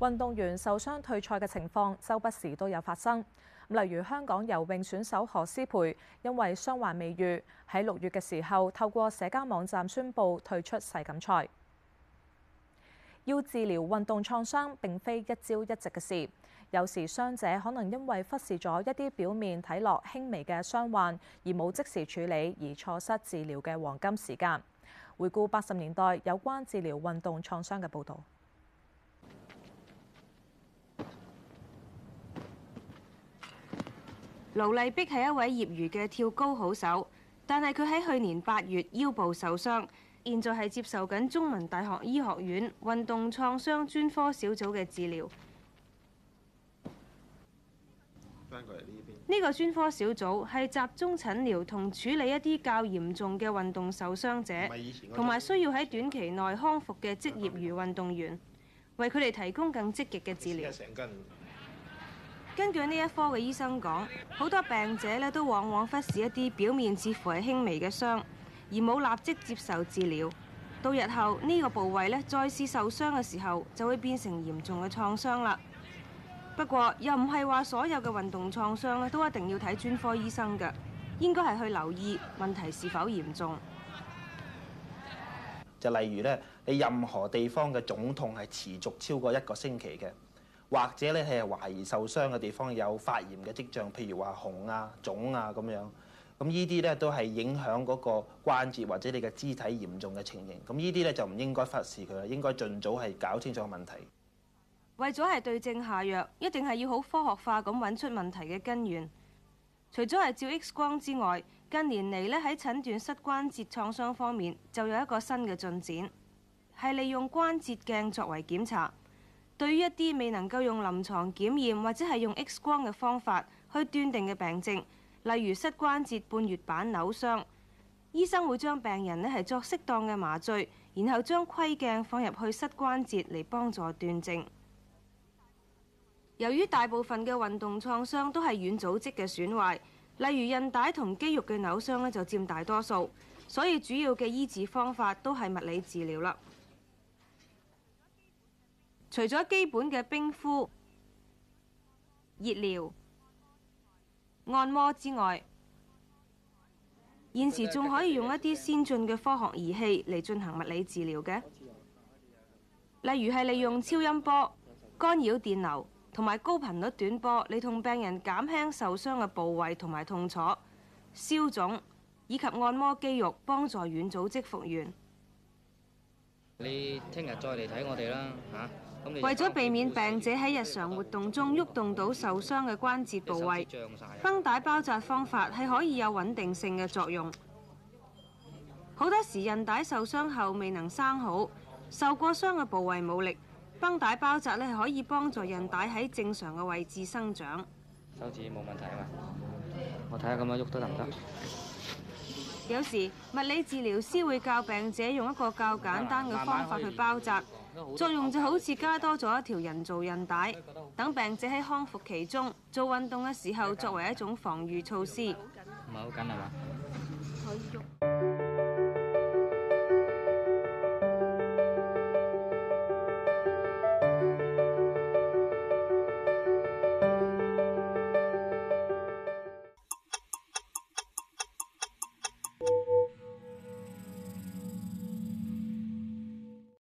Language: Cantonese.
運動員受傷退賽嘅情況，周不時都有發生。例如香港游泳選手何詩蓓，因為傷患未愈，喺六月嘅時候透過社交網站宣布退出世錦賽。要治療運動創傷，並非一朝一夕嘅事，有時傷者可能因為忽視咗一啲表面睇落輕微嘅傷患而冇即時處理，而錯失治療嘅黃金時間。回顧八十年代有關治療運動創傷嘅報導。盧麗碧係一位業餘嘅跳高好手，但係佢喺去年八月腰部受傷，現在係接受緊中文大學醫學院運動創傷專科小組嘅治療。呢個專科小組係集中診療同處理一啲較嚴重嘅運動受傷者，同埋需要喺短期內康復嘅職業餘運動員，為佢哋提供更積極嘅治療。根據呢一科嘅醫生講，好多病者咧都往往忽視一啲表面似乎係輕微嘅傷，而冇立即接受治療，到日後呢、呢個部位咧再次受傷嘅時候，就會變成嚴重嘅創傷啦。不過又唔係話所有嘅運動創傷咧都一定要睇專科醫生嘅，應該係去留意問題是否嚴重。就例如咧，你任何地方嘅腫痛係持續超過一個星期嘅。或者咧係懷疑受傷嘅地方有發炎嘅跡象，譬如話紅啊、腫啊咁樣，咁呢啲咧都係影響嗰個關節或者你嘅肢體嚴重嘅情形。咁呢啲咧就唔應該忽視佢啦，應該盡早係搞清楚問題。為咗係對症下藥，一定係要好科學化咁揾出問題嘅根源。除咗係照 X 光之外，近年嚟咧喺診斷膝關節創傷方面就有一個新嘅進展，係利用關節鏡作為檢查。對於一啲未能夠用臨床檢驗或者係用 X 光嘅方法去斷定嘅病症，例如膝關節半月板扭傷，醫生會將病人呢係作適當嘅麻醉，然後將窺鏡放入去膝關節嚟幫助斷症。由於大部分嘅運動創傷都係軟組織嘅損壞，例如韌帶同肌肉嘅扭傷呢就佔大多數，所以主要嘅醫治方法都係物理治療啦。除咗基本嘅冰敷、熱療、按摩之外，現時仲可以用一啲先進嘅科學儀器嚟進行物理治療嘅，例如係利用超音波、干擾電流同埋高頻率短波，嚟同病人減輕受傷嘅部位同埋痛楚、消腫以及按摩肌肉，幫助軟組織復原。你聽日再嚟睇我哋啦嚇。為咗避免病者喺日常活動中喐動，動到受傷嘅關節部位，繃帶包紮方法係可以有穩定性嘅作用。好多時韌帶受傷後未能生好，受過傷嘅部位冇力，繃帶包紮呢可以幫助韌帶喺正常嘅位置生長。手指冇問題啊嘛？我睇下咁樣喐得唔得？有時物理治療師會教病者用一個較簡單嘅方法去包紮，作用就好似加多咗一條人造韌帶，等病者喺康復期中做運動嘅時候作為一種防禦措施。